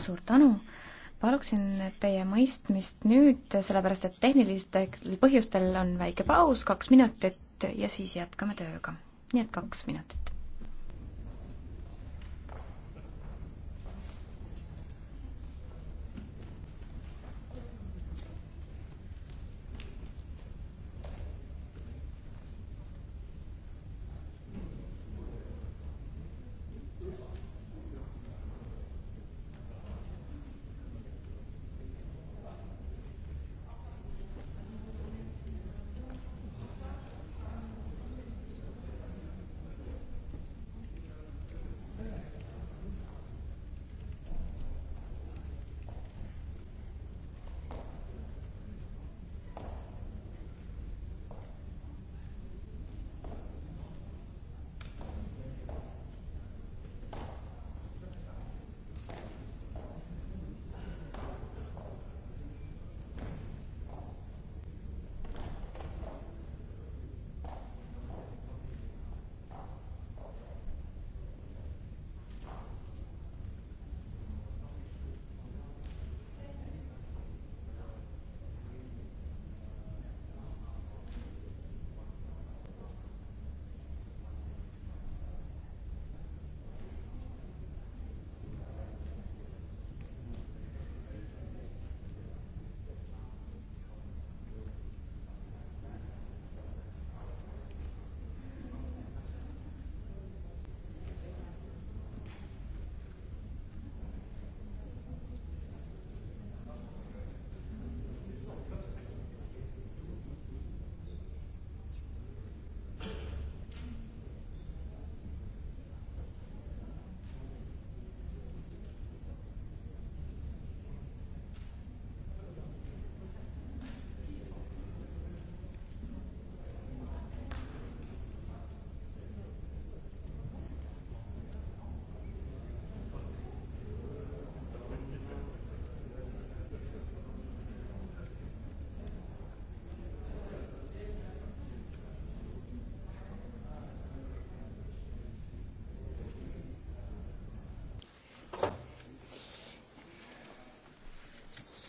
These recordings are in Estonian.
suur tänu, paluksin teie mõistmist nüüd, sellepärast et tehnilistel põhjustel on väike paus, kaks minutit ja siis jätkame tööga. nii et kaks minutit.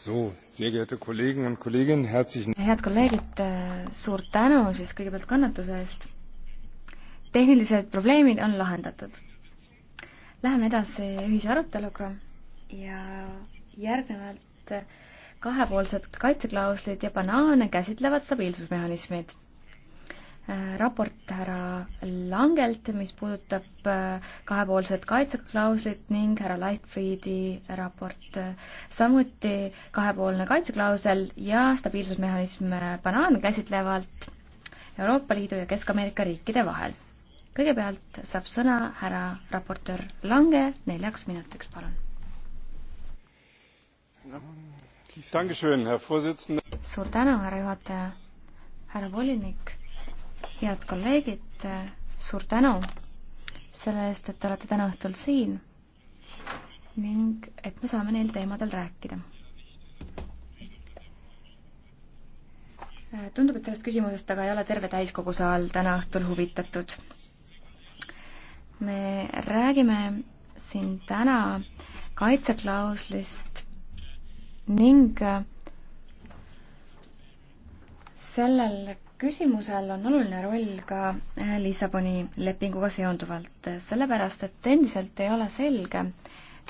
head kolleegid, äh, suur tänu siis kõigepealt kannatuse eest. tehnilised probleemid on lahendatud. Läheme edasi ühise aruteluga ja järgnevalt kahepoolsed kaitseklauslid ja banaane käsitlevad stabiilsusmehhanismid Äh, raport härra Langelt, mis puudutab äh, kahepoolset kaitseklauslit ning härra Lightfriedi raport. samuti kahepoolne kaitseklausel ja stabiilsusmehhanism banaani käsitlevalt Euroopa Liidu ja Kesk-Ameerika riikide vahel. kõigepealt saab sõna härra raportöör Lange neljaks minutiks, palun no.. suur tänu, härra juhataja, härra volinik head kolleegid, suur tänu selle eest, et te olete täna õhtul siin ning et me saame neil teemadel rääkida. tundub, et sellest küsimusest aga ei ole terve täiskogu saal täna õhtul huvitatud. me räägime siin täna kaitseklauslist ning sellel küsimusel on oluline roll ka äh, Lissaboni lepinguga seonduvalt, sellepärast et endiselt ei ole selge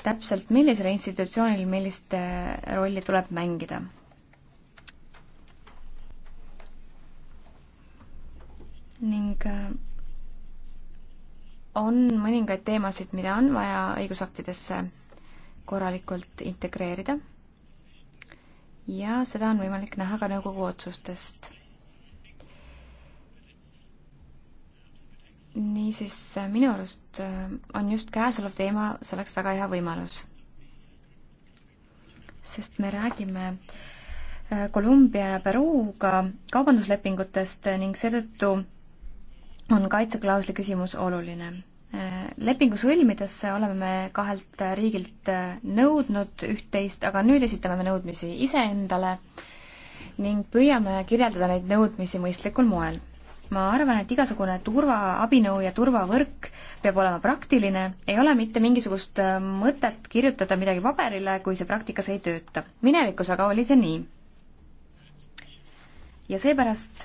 täpselt, millisel institutsioonil millist äh, rolli tuleb mängida. ning äh, on mõningaid teemasid, mida on vaja õigusaktidesse korralikult integreerida ja seda on võimalik näha ka nõukogu otsustest niisiis, minu arust äh, on just käesolev teema selleks väga hea võimalus. sest me räägime äh, Kolumbia ja Peruuga kaubanduslepingutest ning seetõttu on kaitseklausli küsimus oluline. Äh, lepingu sõlmides oleme me kahelt riigilt nõudnud üht-teist, aga nüüd esitame me nõudmisi iseendale ning püüame kirjeldada neid nõudmisi mõistlikul moel ma arvan, et igasugune turvaabinõu ja turvavõrk peab olema praktiline, ei ole mitte mingisugust äh, mõtet kirjutada midagi paberile, kui see praktikas ei tööta. minevikus aga oli see nii. ja seepärast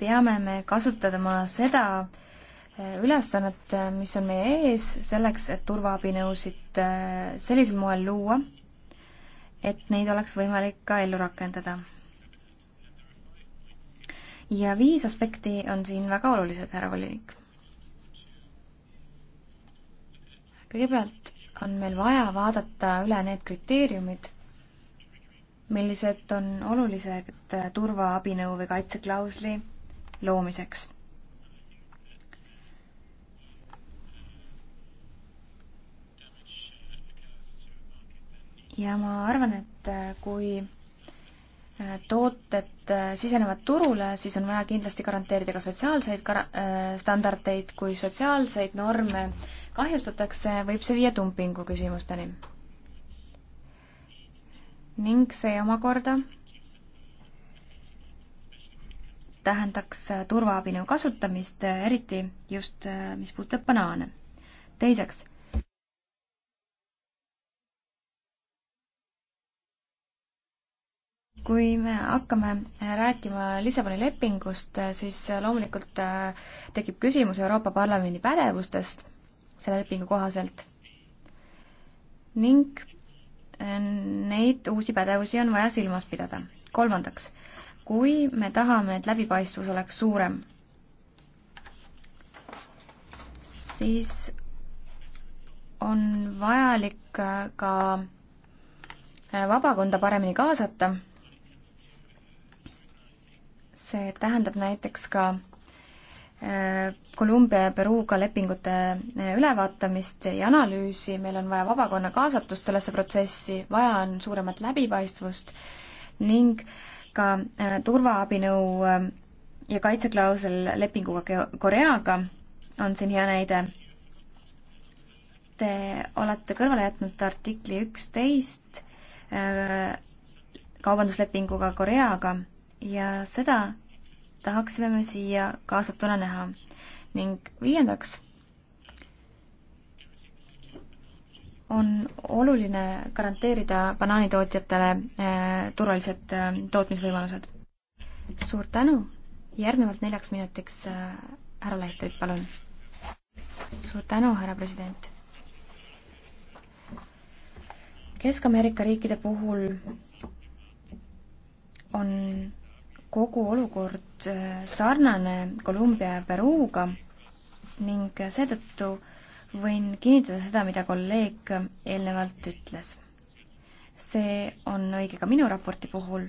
peame me kasutama seda äh, ülesannet, äh, mis on meie ees, selleks, et turvaabinõusid sellisel moel luua, et neid oleks võimalik ka ellu rakendada ja viis aspekti on siin väga olulised, härra volinik. kõigepealt on meil vaja vaadata üle need kriteeriumid, millised on olulised turvaabinõu või kaitseklausli loomiseks. ja ma arvan, et kui tooted äh, sisenevad turule, siis on vaja kindlasti garanteerida ka sotsiaalseid kar-, äh, standardeid, kui sotsiaalseid norme kahjustatakse, võib see viia dumpingu küsimusteni. ning see omakorda tähendaks äh, turvaabinõu nagu kasutamist, eriti just mis puudutab banaane. teiseks kui me hakkame äh, rääkima Lissaboni lepingust, äh, siis äh, loomulikult tekib küsimus Euroopa Parlamendi pädevustest selle lepingu kohaselt ning neid uusi pädevusi on vaja silmas pidada. kolmandaks, kui me tahame, et läbipaistvus oleks suurem, siis on vajalik ka vabakonda paremini kaasata see tähendab näiteks ka äh, Kolumbia ja Peruuga lepingute äh, ülevaatamist ja analüüsi, meil on vaja vabakonna kaasatust sellesse protsessi, vaja on suuremat läbipaistvust ning ka äh, turvaabinõu ja kaitseklausel lepinguga Koreaga on siin hea näide. Te olete kõrvale jätnud artikli üksteist kaubanduslepinguga Koreaga ja seda tahaksime me siia kaasatuna näha. ning viiendaks on oluline garanteerida banaanitootjatele äh, turvalised äh, tootmisvõimalused. suur tänu, järgnevalt neljaks minutiks äh, härra Lehtrit, palun. suur tänu, härra president. Kesk-Ameerika riikide puhul on kogu olukord äh, sarnane Kolumbia ja Peruuga ning seetõttu võin kinnitada seda, mida kolleeg eelnevalt ütles. see on õige ka minu raporti puhul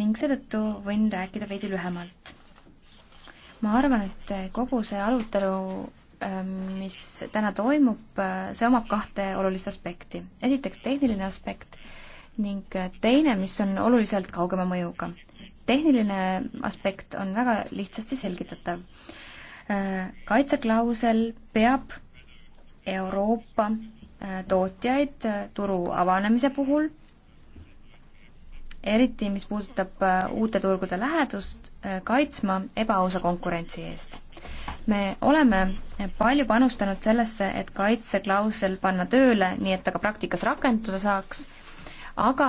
ning seetõttu võin rääkida veidi lühemalt. ma arvan, et kogu see arutelu, ähm, mis täna toimub, äh, see omab kahte olulist aspekti. esiteks tehniline aspekt ning äh, teine, mis on oluliselt kaugema mõjuga tehniline aspekt on väga lihtsasti selgitatav. kaitseklausel peab Euroopa äh, tootjaid äh, turu avanemise puhul, eriti mis puudutab äh, uute turgude lähedust, kaitsma ebaausa konkurentsi eest. me oleme palju panustanud sellesse, et kaitseklausel panna tööle, nii et ta ka praktikas rakenduda saaks, aga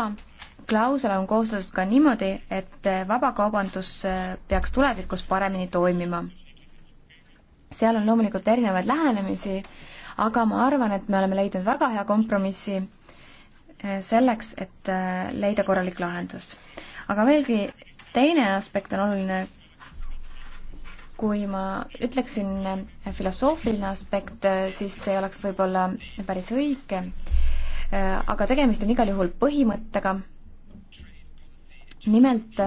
klausel on koostatud ka niimoodi, et vabakaubandus äh, peaks tulevikus paremini toimima. seal on loomulikult erinevaid lähenemisi, aga ma arvan, et me oleme leidnud väga hea kompromissi äh, selleks, et äh, leida korralik lahendus. aga veelgi teine aspekt on oluline, kui ma ütleksin filosoofiline aspekt, siis see oleks võib-olla päris õige, aga tegemist on igal juhul põhimõttega nimelt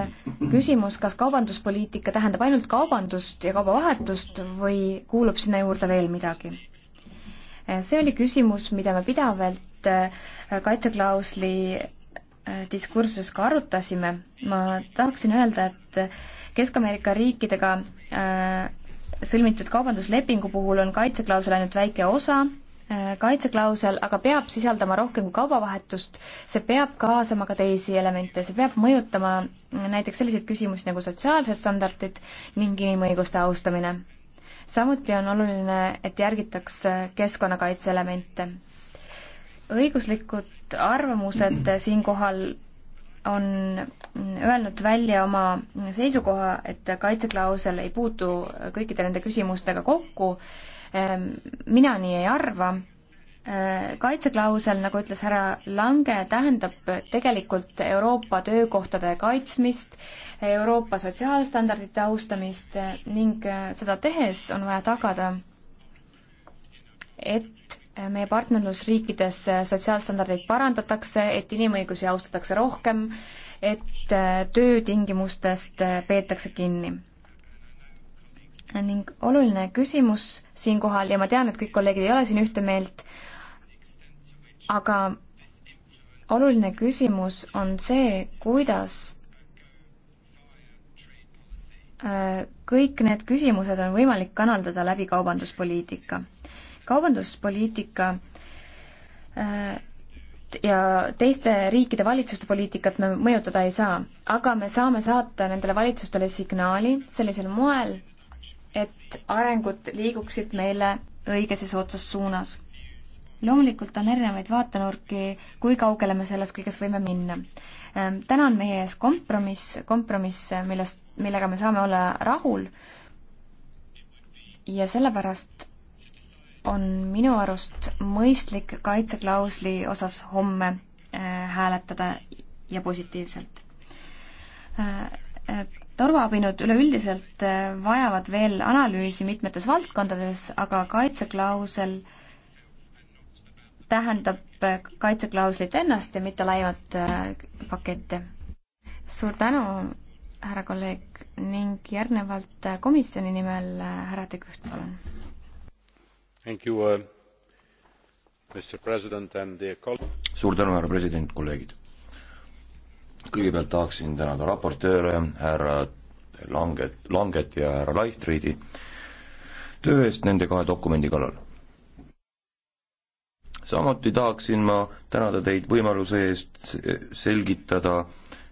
küsimus, kas kaubanduspoliitika tähendab ainult kaubandust ja kaubavahetust või kuulub sinna juurde veel midagi? see oli küsimus, mida me pidavalt äh, kaitseklausli äh, diskursuses ka arutasime. ma tahaksin öelda, et Kesk-Ameerika riikidega äh, sõlmitud kaubanduslepingu puhul on kaitseklausel ainult väike osa Äh, kaitseklausel aga peab sisaldama rohkem kui kaubavahetust, see peab kaasama ka teisi elemente, see peab mõjutama näiteks selliseid küsimusi nagu sotsiaalsed standardid ning inimõiguste austamine. samuti on oluline, et järgitaks keskkonnakaitse elemente. õiguslikud arvamused siinkohal on öelnud välja oma seisukoha, et kaitseklausel ei puutu kõikide nende küsimustega kokku Ehm, mina nii ei arva ehm, kaitseklausel, nagu ütles härra Lange, tähendab tegelikult Euroopa töökohtade kaitsmist, Euroopa sotsiaalstandardite austamist ning eh, seda tehes on vaja tagada, et meie partnerlusriikides sotsiaalstandardeid parandatakse, et inimõigusi austatakse rohkem, et eh, töötingimustest peetakse kinni ning oluline küsimus siinkohal ja ma tean, et kõik kolleegid ei ole siin ühte meelt, aga oluline küsimus on see, kuidas äh, kõik need küsimused on võimalik kanaldada läbi kaubanduspoliitika. kaubanduspoliitika äh, ja teiste riikide valitsuste poliitikat me mõjutada ei saa, aga me saame saata nendele valitsustele signaali sellisel moel, et arengud liiguksid meile õiges ja soodsas suunas. loomulikult on erinevaid vaatenurki, kui kaugele me selles kõiges võime minna. Ehm, täna on meie ees kompromiss, kompromiss, millest, millega me saame olla rahul ja sellepärast on minu arust mõistlik kaitseklausli osas homme ehm, hääletada ja positiivselt ehm, turvaabinud üleüldiselt äh, vajavad veel analüüsi mitmetes valdkondades, aga kaitseklausel tähendab äh, kaitseklauslit ennast ja mitte laiemat äh, paketti. suur tänu, härra kolleeg ning järgnevalt komisjoni nimel härra De Kuht, palun. Uh, suur tänu, härra president, kolleegid kõigepealt tahaksin tänada raportööre, härra Langet, Langet ja härra Leichtriedi töö eest nende kahe dokumendi kallal. samuti tahaksin ma tänada teid võimaluse eest selgitada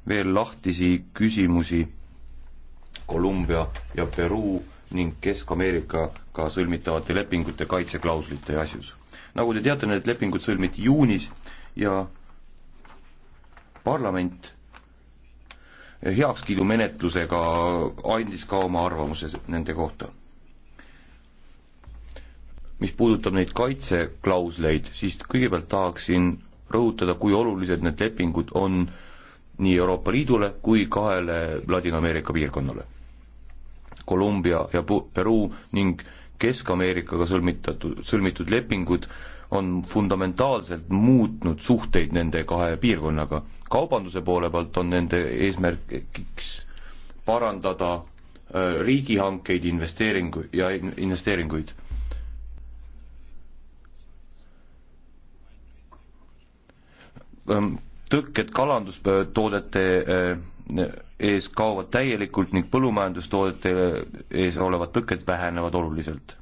veel lahtisi küsimusi Kolumbia ja Peruu ning Kesk-Ameerikaga sõlmitavate lepingute kaitseklauslite asjus. nagu te teate, need lepingud sõlmiti juunis ja parlament heakskiidumenetlusega andis ka oma arvamuse nende kohta. mis puudutab neid kaitseklausleid, siis kõigepealt tahaksin rõhutada, kui olulised need lepingud on nii Euroopa Liidule kui kahele Ladina-Ameerika piirkonnale. Kolumbia ja Peruu ning Kesk-Ameerikaga sõlmitatud, sõlmitud lepingud äh, on fundamentaalselt muutnud suhteid nende kahe piirkonnaga. kaubanduse poole pealt on nende eesmärgiks parandada äh, riigihankeid, investeeringu- ja investeeringuid. Ehm, tõkked kalandustoodete äh, ees kaovad täielikult ning põllumajandustoodete ees olevad tõkked vähenevad oluliselt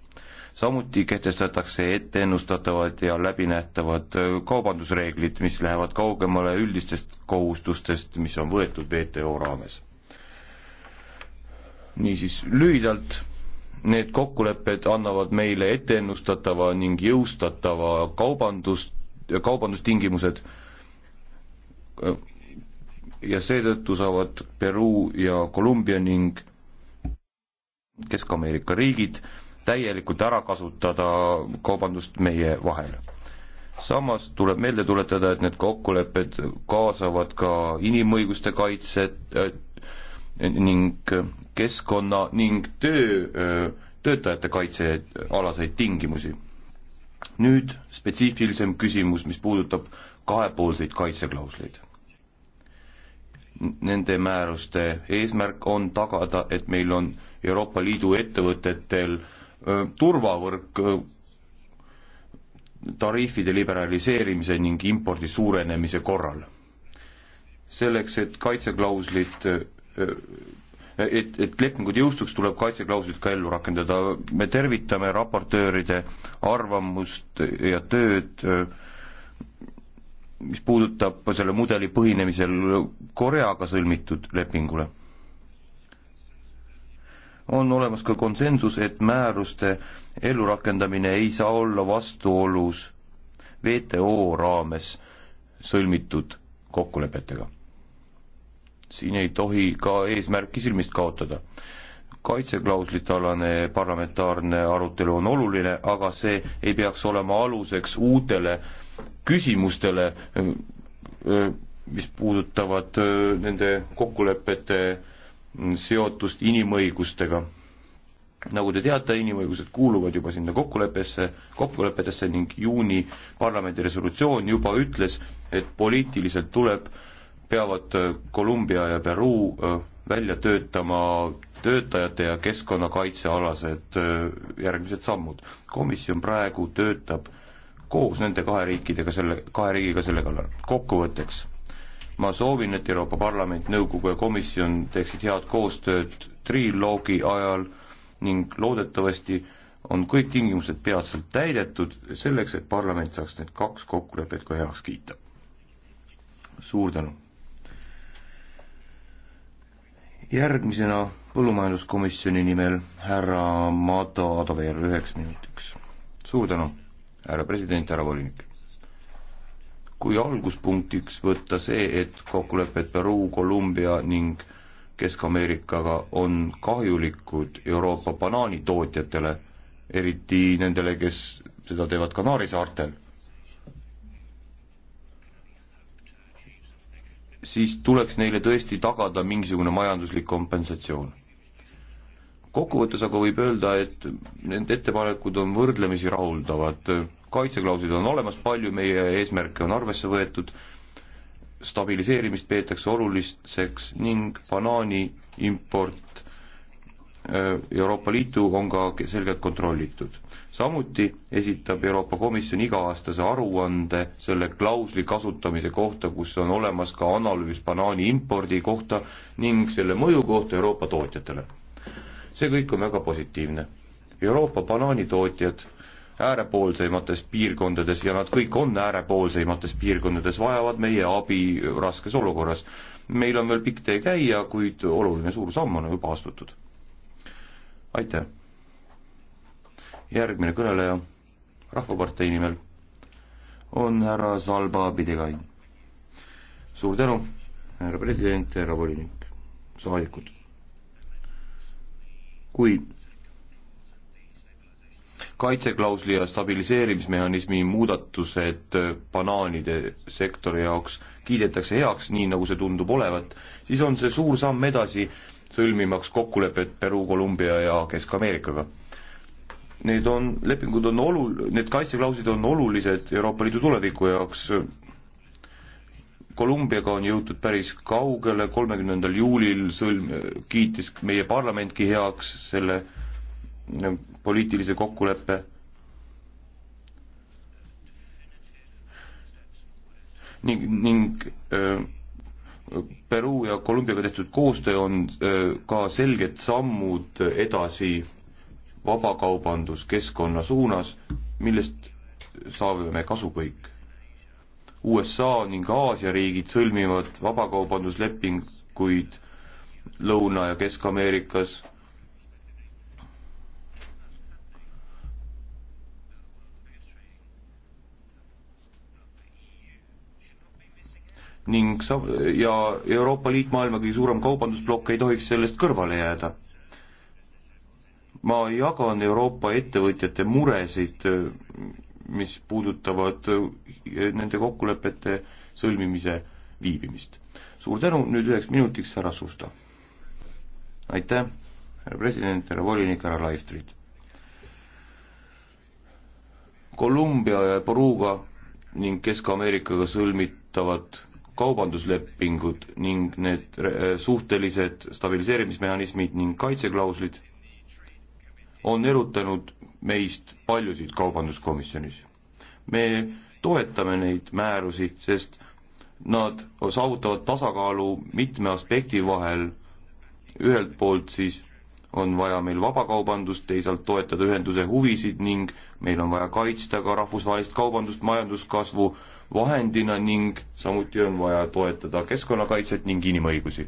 samuti kehtestatakse etteennustatavad ja läbinähtavad äh, kaubandusreeglid, mis lähevad kaugemale üldistest kohustustest, mis on võetud WTO raames. niisiis, lühidalt need kokkulepped annavad meile etteennustatava ning jõustatava kaubandust, kaubandustingimused äh, ja seetõttu saavad Peruu ja Kolumbia ning Kesk-Ameerika riigid täielikult ära kasutada kaubandust meie vahel. samas tuleb meelde tuletada, et need kokkulepped kaasavad ka inimõiguste kaitset äh, ning keskkonna ning töö, äh, töötajate kaitsealaseid tingimusi. nüüd spetsiifilisem küsimus, mis puudutab kahepoolseid kaitseklausleid nende määruste eesmärk on tagada, et meil on Euroopa Liidu ettevõtetel turvavõrk tariifide liberaliseerimise ning impordi suurenemise korral. selleks, et kaitseklauslid, et, et lepingud jõustuks, tuleb kaitseklauslid ka ellu rakendada. me tervitame raportööride arvamust ja tööd, mis puudutab selle mudeli põhinemisel Koreaga sõlmitud lepingule on olemas ka konsensus, et määruste ellurakendamine ei saa olla vastuolus WTO raames sõlmitud kokkulepetega. siin ei tohi ka eesmärki silmist kaotada. kaitseklauslite alane parlamentaarne arutelu on oluline, aga see ei peaks olema aluseks uutele küsimustele, mis puudutavad äh, nende kokkulepete seotust inimõigustega. nagu te teate, inimõigused kuuluvad juba sinna kokkuleppesse, kokkulepetesse ning juuni parlamendi resolutsioon juba ütles, et poliitiliselt tuleb, peavad Kolumbia äh, ja Peruu äh, välja töötama töötajate ja keskkonnakaitsealased äh, järgmised sammud. komisjon praegu töötab koos nende kahe riikidega selle, kahe riigiga selle kallal. kokkuvõtteks ma soovin, et Euroopa Parlament, nõukogu ja komisjon teeksid head koostööd triloogi ajal ning loodetavasti on kõik tingimused peatselt täidetud selleks, et parlament saaks need kaks kokkulepet ka heaks kiita. suur tänu! järgmisena põllumajanduskomisjoni nimel härra Mato Adover üheks minutiks. suur tänu, härra president, härra volinik! kui alguspunktiks võtta see, et kokkulepped Peruu, Kolumbia ning Kesk-Ameerikaga on kahjulikud Euroopa banaanitootjatele, eriti nendele, kes seda teevad Kanaari saartel, siis tuleks neile tõesti tagada mingisugune majanduslik kompensatsioon kokkuvõttes aga võib öelda, et need ettepanekud on võrdlemisi rahuldavad, kaitseklauslid on olemas, palju meie eesmärke on arvesse võetud, stabiliseerimist peetakse oluliseks ning banaani import äh, Euroopa Liitu on ka selgelt kontrollitud. samuti esitab Euroopa Komisjon iga-aastase aruande selle klausli kasutamise kohta, kus on olemas ka analüüs banaani impordi kohta ning selle mõju kohta Euroopa tootjatele see kõik on väga positiivne. Euroopa banaanitootjad äärepoolseimates piirkondades ja nad kõik on äärepoolseimates piirkondades, vajavad meie abi raskes olukorras. meil on veel pikk tee käia, kuid oluline suur samm on juba astutud. aitäh! järgmine kõneleja Rahvapartei nimel on härra Salba Pidegain. suur tänu, härra president, härra volinik, saadikud kuid kaitseklausli ja stabiliseerimismehhanismi muudatused banaanide sektori jaoks kiidetakse heaks, nii nagu see tundub olevat, siis on see suur samm edasi, sõlmimaks kokkulepet Peru, Kolumbia ja Kesk-Ameerikaga. Need on, lepingud on olu-, need kaitseklauslid on olulised Euroopa Liidu tuleviku jaoks, Kolumbiaga on jõutud päris kaugele, kolmekümnendal juulil sõlm-, kiitis meie parlamentki heaks selle mm, poliitilise kokkuleppe. ning, ning öö, Peru ja Kolumbiaga tehtud koostöö on öö, ka selged sammud edasi vabakaubanduskeskkonna suunas, millest saame me kasu kõik USA ning Aasia riigid sõlmivad vabakaubanduslepinguid Lõuna- ja Kesk-Ameerikas. ning sa-, ja Euroopa Liit, maailma kõige suurem kaubandusplokk, ei tohiks sellest kõrvale jääda. ma jagan Euroopa ettevõtjate muresid mis puudutavad äh, nende kokkulepete sõlmimise viibimist. suur tänu, nüüd üheks minutiks härra Susta. aitäh, härra president, härra volinik, härra Laistrid. Kolumbia ja Peruga ning Kesk-Ameerikaga sõlmitavad kaubanduslepingud ning need äh, suhtelised stabiliseerimismehhanismid ning kaitseklauslid on erutanud meist paljusid Kaubanduskomisjonis. me toetame neid määrusi, sest nad saavutavad tasakaalu mitme aspekti vahel, ühelt poolt siis on vaja meil vabakaubandust, teisalt toetada ühenduse huvisid ning meil on vaja kaitsta ka rahvusvahelist kaubandust majanduskasvu vahendina ning samuti on vaja toetada keskkonnakaitset ning inimõigusi.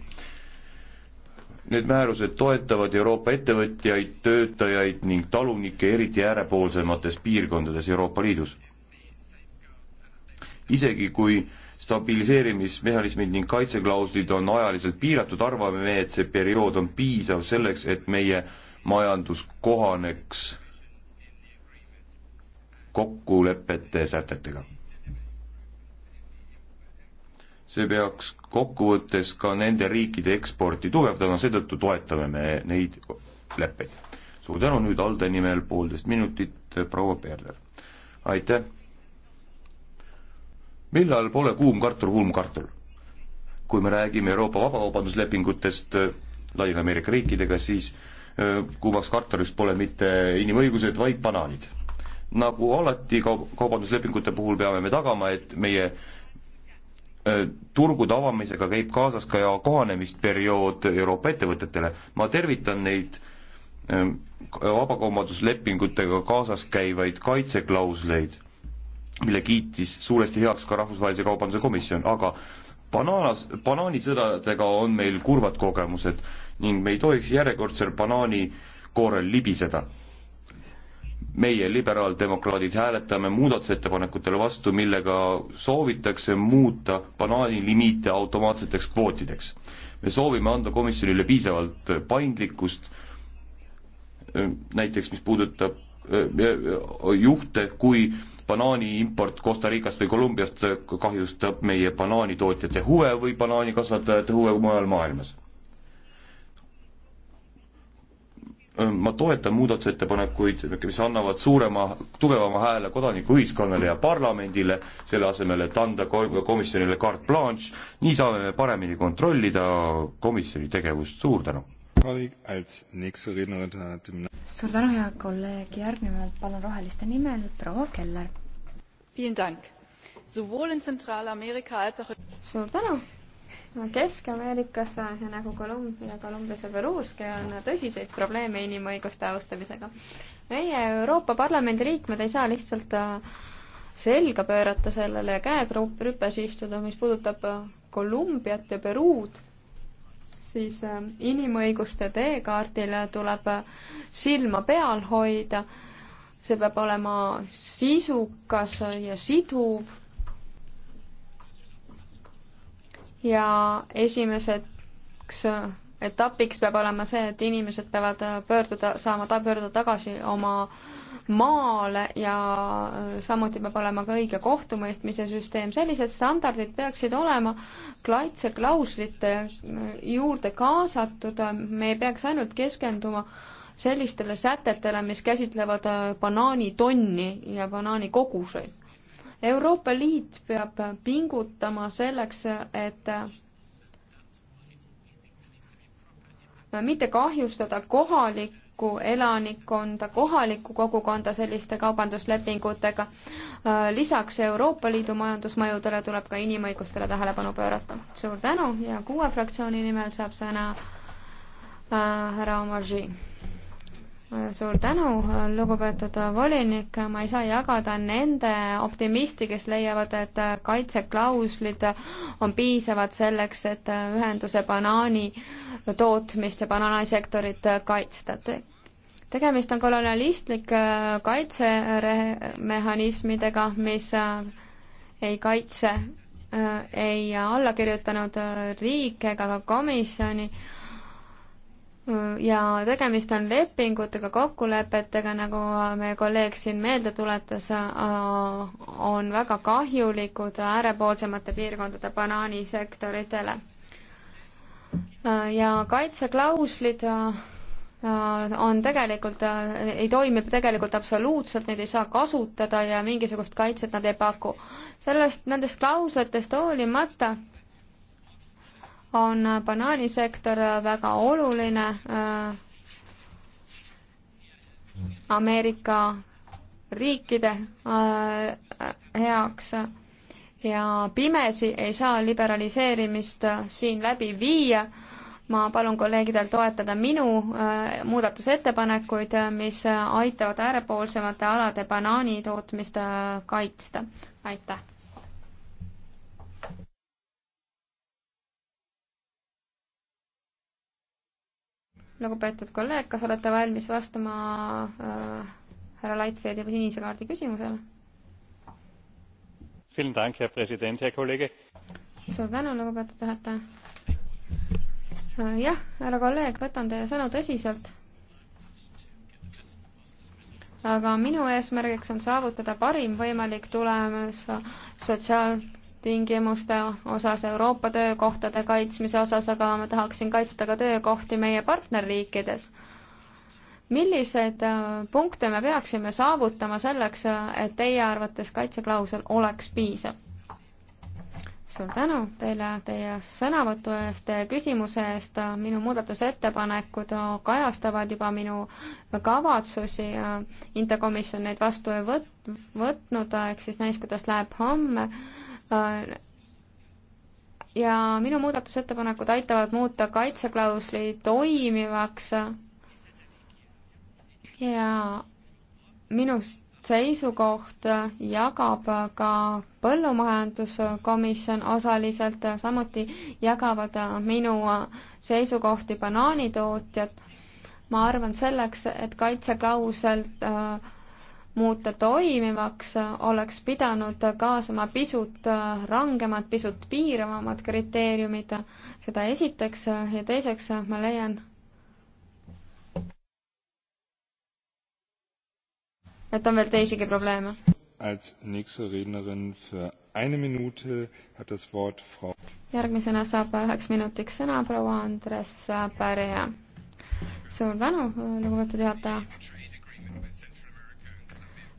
Need määrused toetavad Euroopa ettevõtjaid, töötajaid ning talunikke eriti äärepoolsemates piirkondades Euroopa Liidus. isegi kui stabiliseerimismehhanismid ning kaitseklauslid on ajaliselt piiratud, arvame me, et see periood on piisav selleks, et meie majandus kohaneks kokkulepete sätetega see peaks kokkuvõttes ka nende riikide eksporti tugevdama, seetõttu toetame me neid leppeid. suur tänu nüüd ALDE nimel poolteist minutit, proua Perler. aitäh! millal pole kuum kartul kuum kartul? kui me räägime Euroopa vabakaubanduslepingutest äh, Ladina-Ameerika riikidega, siis äh, kuumaks kartuliks pole mitte inimõigused, vaid banaanid. nagu alati kaub-, kaubanduslepingute puhul peame me tagama, et meie Äh, turgude avamisega käib kaasas ka kohanemisperiood Euroopa ettevõtetele. ma tervitan neid ähm, vabakaubanduslepingutega kaasas käivaid kaitseklausleid, mille kiitis suuresti heaks ka Rahvusvahelise Kaubanduse Komisjon, aga banaanas, banaanisõdadega on meil kurvad kogemused ning me ei tohiks järjekordsel banaanikoorel libiseda meie, liberaaldemokraadid, hääletame muudatusettepanekutele vastu, millega soovitakse muuta banaanilimiite automaatseteks kvootideks. me soovime anda komisjonile piisavalt paindlikkust, näiteks mis puudutab eh, eh, juhte, kui banaani import Costa Ricast või Kolumbiast kahjustab meie banaanitootjate huve või banaanikasvatajate huve mujal maailmas ma toetan muudatusettepanekuid, mis annavad suurema, tugevama hääle kodanikuühiskonnale ja parlamendile, selle asemel, et anda komisjonile carte blanche, nii saame me paremini kontrollida komisjoni tegevust, suur tänu! suur tänu, hea kolleeg, järgnevalt palun Roheliste nimel proua Keller. suur tänu! Kesk-Ameerikas ja nagu Kolumbia, Kolumbias ja Peruuski on tõsiseid probleeme inimõiguste austamisega. meie Euroopa Parlamendi liikmed ei saa lihtsalt äh, selga pöörata sellele ja käed rüpes istuda, mis puudutab äh, Kolumbiat ja Peruud, siis äh, inimõiguste teekaardile tuleb silma peal hoida, see peab olema sisukas ja siduv ja esimeseks äh, etapiks peab olema see, et inimesed peavad äh, pöörduda, saama ta-, pöörduda tagasi oma maale ja äh, samuti peab olema ka õige kohtumõistmise süsteem, sellised standardid peaksid olema kaitseklauslite juurde kaasatud, me ei peaks ainult keskenduma sellistele sätetele, mis käsitlevad banaanitonni ja banaanikoguseid. Euroopa Liit peab pingutama selleks, et mitte kahjustada kohalikku elanikkonda, kohalikku kogukonda selliste kaubanduslepingutega. lisaks Euroopa Liidu majandusmõjudele tuleb ka inimõigustele tähelepanu pöörata. suur tänu ja kuue fraktsiooni nimel saab sõna äh, härra äh, Omarži suur tänu, lugupeetud volinik, ma ei saa jagada nende optimisti, kes leiavad, et kaitseklauslid on piisavad selleks, et ühenduse banaani tootmist ja banaanisektorit kaitsta. tegemist on kolonialistlike äh, kaitsemehhanismidega, mis äh, ei kaitse äh, ei allakirjutanud riik ega ka komisjoni ja tegemist on lepingutega, kokkulepetega, nagu meie kolleeg siin meelde tuletas, äh, on väga kahjulikud äärepoolsemate piirkondade banaanisektoritele. Äh, ja kaitseklauslid äh, on tegelikult, ei toimi tegelikult absoluutselt, neid ei saa kasutada ja mingisugust kaitset nad ei paku. sellest, nendest klauslitest hoolimata on banaanisektor väga oluline äh, Ameerika riikide äh, heaks ja pimesi ei saa liberaliseerimist äh, siin läbi viia. ma palun kolleegidel toetada minu muudatusettepanekuid, mis aitavad äärepoolsemate alade banaanitootmist kaitsta. aitäh! lugupeetud kolleeg, kas olete valmis vastama äh, härra Leitfeldi sinise kaardi küsimusele? suur tänu, lugupeetud juhataja. Äh, jah, härra kolleeg, võtan teie sõnu tõsiselt. aga minu eesmärgiks on saavutada parim võimalik tulemus sotsiaal- tingimuste osas, Euroopa töökohtade kaitsmise osas, aga ma tahaksin kaitsta ka töökohti meie partnerriikides. milliseid äh, punkte me peaksime saavutama selleks, et teie arvates kaitseklausel oleks piisav? suur tänu teile teie sõnavõtu eest, teie küsimuse eest, minu muudatusettepanekud kajastavad juba minu kavatsusi, äh, Intekomisjon neid vastu ei võt-, võtnud, ehk siis näis, kuidas läheb homme ja minu muudatusettepanekud aitavad muuta kaitseklausli toimivaks ja minu seisukoht jagab ka põllumajanduskomisjon osaliselt, samuti jagavad minu seisukohti banaanitootjad. ma arvan, selleks, et kaitseklausel äh, muuta toimivaks, oleks pidanud kaasama pisut äh, rangemad, pisut piiravamad kriteeriumid, seda esiteks, äh, ja teiseks äh, ma leian, et on veel teisigi probleeme. järgmisena saab üheks minutiks sõna proua Andres Pärja. suur tänu, lugupeetud juhataja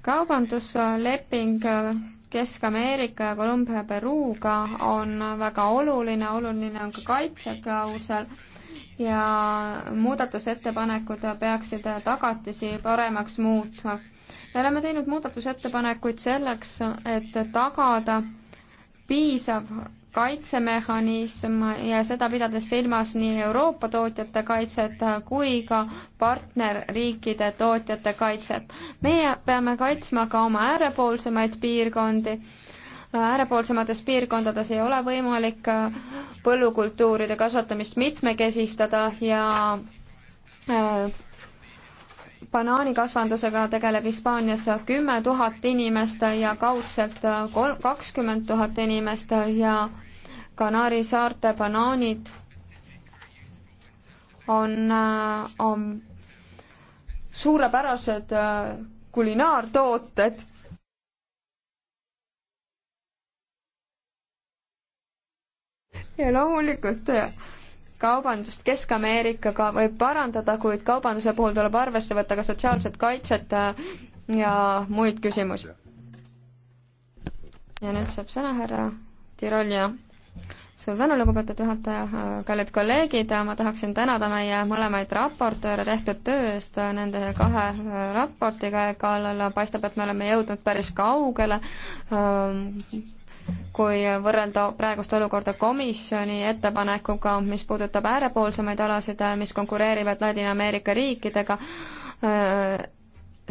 kaubandusleping Kesk-Ameerika ja Kolumbia ja Peruuga on väga oluline, oluline on ka kaitseklausel ja muudatusettepanekud peaksid tagatisi paremaks muutma. me oleme teinud muudatusettepanekuid selleks, et tagada piisav kaitsemehhanism ja seda pidades silmas nii Euroopa tootjate kaitset kui ka partnerriikide tootjate kaitset. meie peame kaitsma ka oma äärepoolsemaid piirkondi äärepoolsemates piirkondades ei ole võimalik põllukultuuride kasvatamist mitmekesistada ja äh, banaanikasvandusega tegeleb Hispaanias kümme tuhat inimest ja kaudselt kakskümmend tuhat inimest ja Kanaari saarte banaanid on, on suurepärased äh, kulinaartooted ja loomulikult äh, kaubandust Kesk-Ameerikaga võib parandada, kuid kaubanduse puhul tuleb arvesse võtta ka sotsiaalset kaitset äh, ja muid küsimusi. ja nüüd saab sõna härra Tirolja. suur tänu, lugupeetud juhataja, äh, kallid kolleegid, ma tahaksin tänada meie mõlemaid raportööre tehtud töö eest äh, nende kahe raportiga ja kallal paistab, et me oleme jõudnud päris kaugele kui võrrelda praegust olukorda komisjoni ettepanekuga, mis puudutab äärepoolsemaid alasid, mis konkureerivad Ladina-Ameerika riikidega,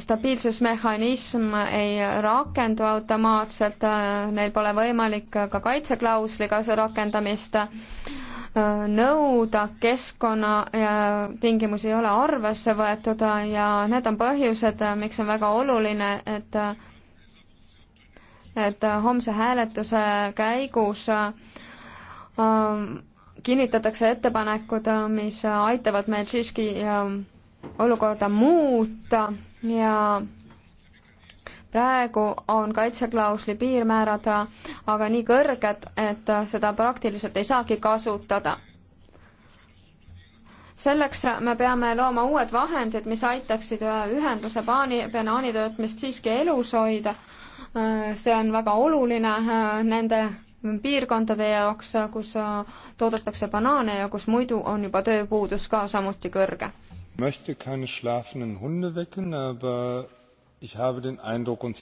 stabiilsusmehhanism ei rakendu automaatselt, neil pole võimalik ka kaitseklausliga rakendamist nõuda, keskkonna tingimusi ei ole arvesse võetud ja need on põhjused, miks on väga oluline, et et äh, homse hääletuse käigus äh, ähm, kinnitatakse ettepanekud, äh, mis aitavad meil siiski ähm, olukorda muuta ja praegu on kaitseklausli piirmäärad aga nii kõrged, et seda praktiliselt ei saagi kasutada. selleks me peame looma uued vahendid, mis aitaksid ühenduse paani, banaanitöötmist siiski elus hoida Äh, see on väga oluline äh, nende piirkondade jaoks, äh, kus toodetakse banaane ja kus muidu on juba tööpuudus ka samuti kõrge. möchte keine schlafenden Hunde wecken, aber ich habe den Eindruck uns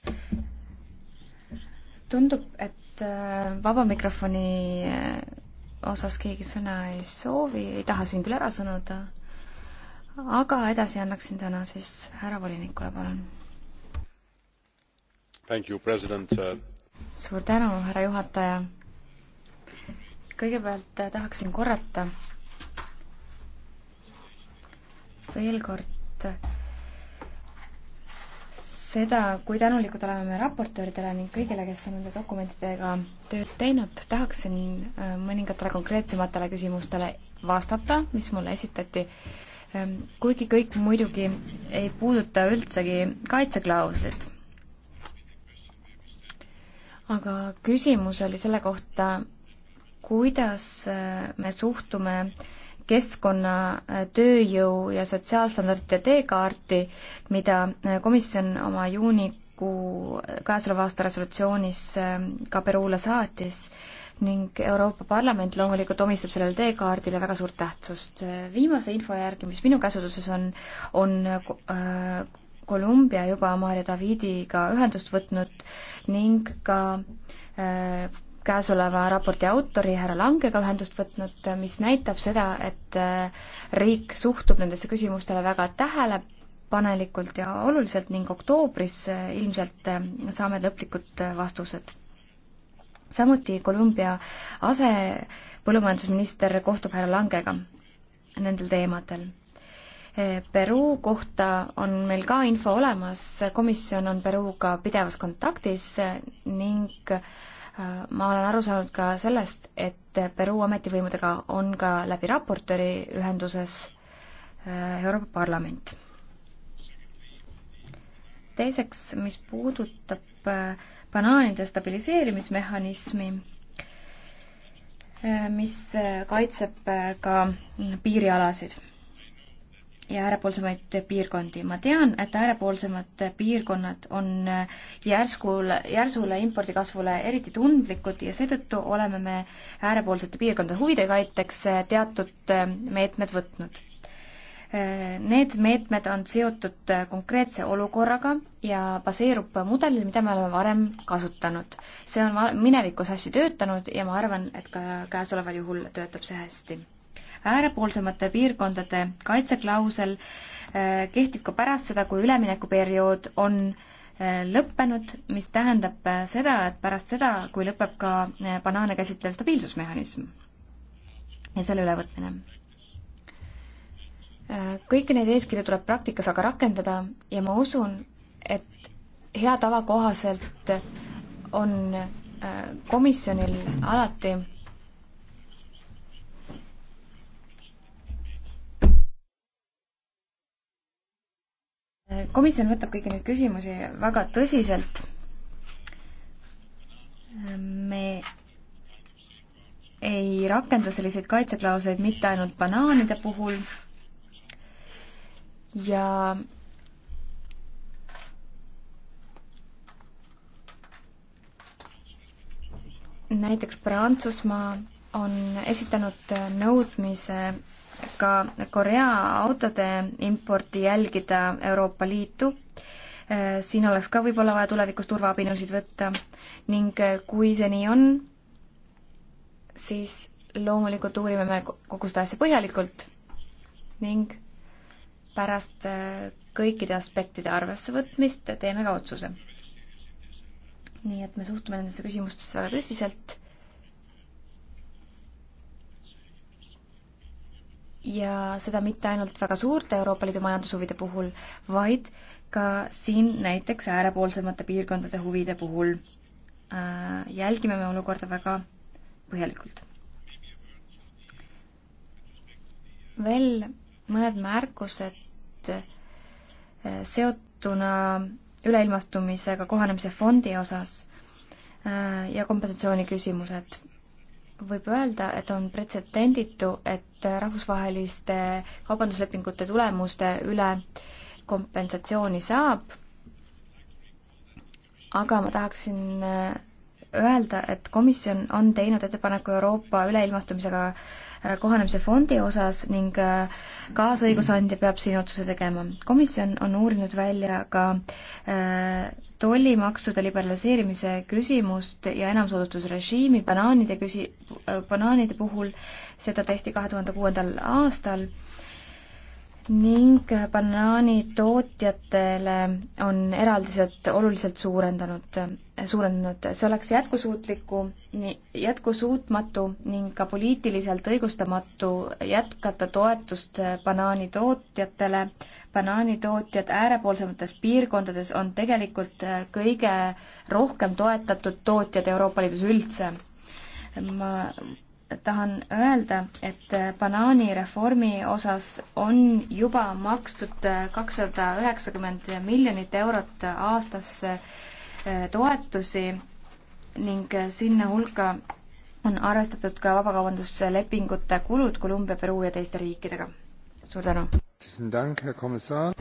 tundub, et vaba mikrofoni osas keegi sõna ei soovi, ei taha siin küll ära sõnuda. aga edasi annaksin sõna siis härra volinikule, palun Uh, suur tänu, härra juhataja. kõigepealt äh, tahaksin korrata veel kord äh, seda, kui tänulikud oleme me raportööridele ning kõigile, kes on nende dokumentidega tööd teinud, tahaksin äh, mõningatele konkreetsematele küsimustele vastata, mis mulle esitati. Ähm, kuigi kõik muidugi ei puuduta üldsegi kaitseklauslit aga küsimus oli selle kohta, kuidas äh, me suhtume keskkonna, äh, tööjõu ja sotsiaalstandardite teekaarti, mida äh, komisjon oma juunikuu käesoleva aasta resolutsioonis ka Peruule saatis ning Euroopa Parlament loomulikult omistab sellele teekaardile väga suurt tähtsust. viimase info järgi, mis minu käsutuses on, on Kolumbia juba Maarja Davidiga ühendust võtnud ning ka äh, käesoleva raporti autori härra Langega ühendust võtnud, mis näitab seda, et äh, riik suhtub nendesse küsimustele väga tähelepanelikult ja oluliselt ning oktoobris äh, ilmselt äh, saame lõplikud äh, vastused. samuti Kolumbia asepõllumajandusminister kohtub härra Langega nendel teemadel Peruu kohta on meil ka info olemas, komisjon on Peruuga pidevas kontaktis ning äh, ma olen aru saanud ka sellest, et Peruu ametivõimudega on ka läbi raportööri ühenduses äh, Euroopa Parlament. teiseks, mis puudutab äh, banaanide stabiliseerimismehhanismi, mis kaitseb ka piirialasid ja äärepoolsemaid piirkondi. ma tean, et äärepoolsemad piirkonnad on järskule, järsule impordi kasvule eriti tundlikud ja seetõttu oleme me äärepoolsete piirkondade huvide kaitseks teatud meetmed võtnud. Need meetmed on seotud konkreetse olukorraga ja baseerub mudelil, mida me oleme varem kasutanud. see on minevikus hästi töötanud ja ma arvan, et ka käesoleval juhul töötab see hästi äärepoolsemate piirkondade kaitseklausel äh, kehtib ka pärast seda, kui üleminekuperiood on äh, lõppenud, mis tähendab äh, seda, et pärast seda, kui lõpeb ka banaane käsitlev stabiilsusmehhanism ja selle ülevõtmine. kõiki neid eeskirju tuleb praktikas aga rakendada ja ma usun, et hea tava kohaselt on komisjonil alati komisjon võtab kõiki neid küsimusi väga tõsiselt. me ei rakenda selliseid kaitseklausleid mitte ainult banaanide puhul ja näiteks Prantsusmaa on esitanud nõudmise ka Korea autode importi jälgida Euroopa Liitu. Äh, siin oleks ka võib-olla vaja tulevikus turvaabinõusid võtta ning äh, kui see nii on, siis loomulikult uurime me kogu seda asja põhjalikult ning pärast äh, kõikide aspektide arvessevõtmist teeme ka otsuse. nii et me suhtume nendesse küsimustesse väga tõsiselt ja seda mitte ainult väga suurte Euroopa Liidu majandushuvide puhul, vaid ka siin näiteks äärepoolsemate piirkondade huvide puhul äh, jälgime me olukorda väga põhjalikult. veel mõned märkused äh, seotuna üleilmastumisega kohanemise fondi osas äh, ja kompensatsiooni küsimused võib öelda, et on pretsedenditu, et rahvusvaheliste kaubanduslepingute tulemuste üle kompensatsiooni saab. aga ma tahaksin äh, öelda, et komisjon on teinud ettepaneku Euroopa üleilmastumisega äh, Äh, kohanemise fondi osas ning äh, kaasõigusandja peab siin otsuse tegema. komisjon on uurinud välja ka äh, tollimaksude liberaliseerimise küsimust ja enamsoodustusrežiimi banaanide küsi-, banaanide puhul, seda tehti kahe tuhande kuuendal aastal ning banaanitootjatele on eraldised oluliselt suurendanud, suurenenud. see oleks jätkusuutliku, jätkusuutmatu ning ka poliitiliselt õigustamatu jätkata toetust banaanitootjatele. banaanitootjad äärepoolsemates piirkondades on tegelikult kõige rohkem toetatud tootjad Euroopa Liidus üldse. ma tahan öelda, et banaanireformi osas on juba makstud kakssada üheksakümmend miljonit eurot aastas e, toetusi ning sinna hulka on arvestatud ka vabakaubanduslepingute kulud Kolumbia, Peruu ja teiste riikidega. suur tänu!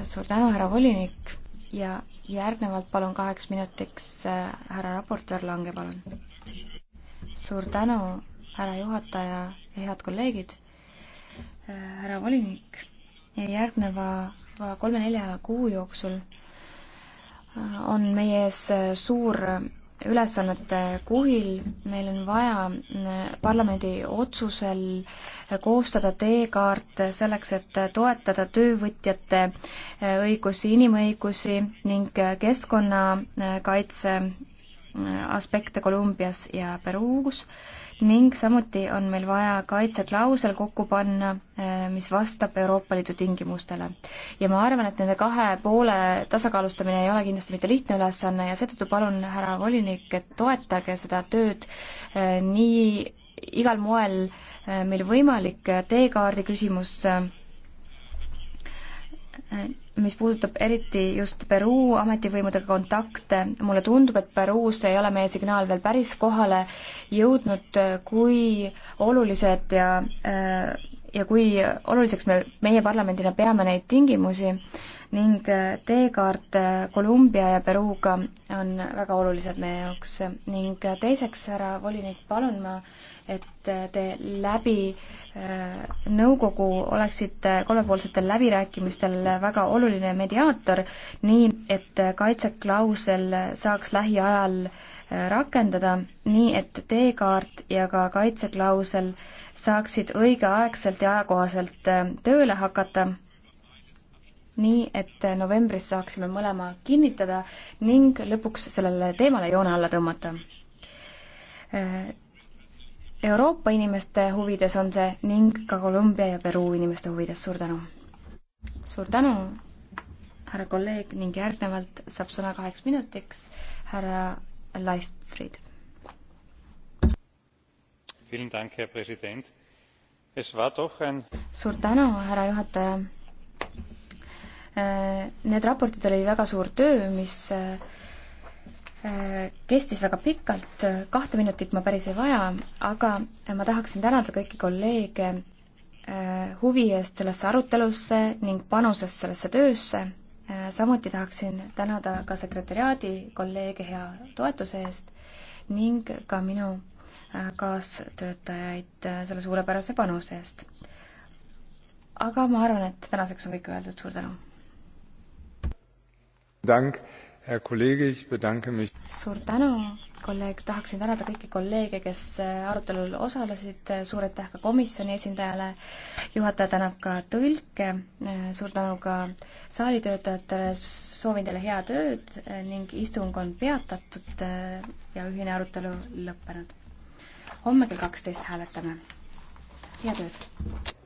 suur tänu, härra volinik ja järgnevalt palun kaheks minutiks e, härra raportöör Lange, palun! suur tänu, härra juhataja ja head kolleegid, härra volinik, järgneva kolme-nelja kuu jooksul äh, on meie ees äh, suur ülesannete kuhil, meil on vaja äh, parlamendi otsusel koostada teekaart selleks, et toetada töövõtjate õigusi, inimõigusi ning keskkonnakaitse aspekte Kolumbias ja Peruus ning samuti on meil vaja kaitseklausel kokku panna, eh, mis vastab Euroopa Liidu tingimustele. ja ma arvan, et nende kahe poole tasakaalustamine ei ole kindlasti mitte lihtne ülesanne ja seetõttu palun, härra volinik, et toetage seda tööd eh, nii igal moel eh, meil võimalik, teekaardi küsimus mis puudutab eriti just Peruu ametivõimudega kontakte, mulle tundub, et Peruus ei ole meie signaal veel päris kohale jõudnud, kui olulised ja äh, ja kui oluliseks me, meie parlamendina peame neid tingimusi ning äh, teekaart äh, Kolumbia ja Peruuga on väga olulised meie jaoks ning teiseks, härra volinik, palun ma äh, et te läbi äh, nõukogu oleksite kolmepoolsetel läbirääkimistel väga oluline mediaator, nii et kaitseklausel saaks lähiajal äh, rakendada, nii et teekaart ja ka kaitseklausel saaksid õigeaegselt ja ajakohaselt äh, tööle hakata nii et novembris saaksime mõlema kinnitada ning lõpuks sellele teemale joone alla tõmmata. Euroopa inimeste huvides on see ning ka Kolumbia ja Peruu inimeste huvides, suur tänu! suur tänu, härra kolleeg ning järgnevalt saab sõna kaheks minutiks härra Leifrid. suur tänu, härra juhataja! Äh, need raportid oli väga suur töö, mis äh, kestis väga pikalt, kahte minutit ma päris ei vaja, aga ma tahaksin tänada kõiki kolleege äh, huvi eest sellesse arutelusse ning panusest sellesse töösse. Äh, samuti tahaksin tänada ka sekretäriaadi kolleege hea toetuse eest ning ka minu äh, kaastöötajaid selle suurepärase panuse eest. aga ma arvan, et tänaseks on kõik öeldud, suur tänu! suur tänu, kolleeg, tahaksin tänada kõiki kolleege, kes arutelul osalesid, suur aitäh ka komisjoni esindajale, juhataja tänab ka tõlke, suur tänu ka saalitöötajatele, soovin teile head ööd ning istung on peatatud ja ühine arutelu lõppenud. homme kell kaksteist hääletame. head ööd!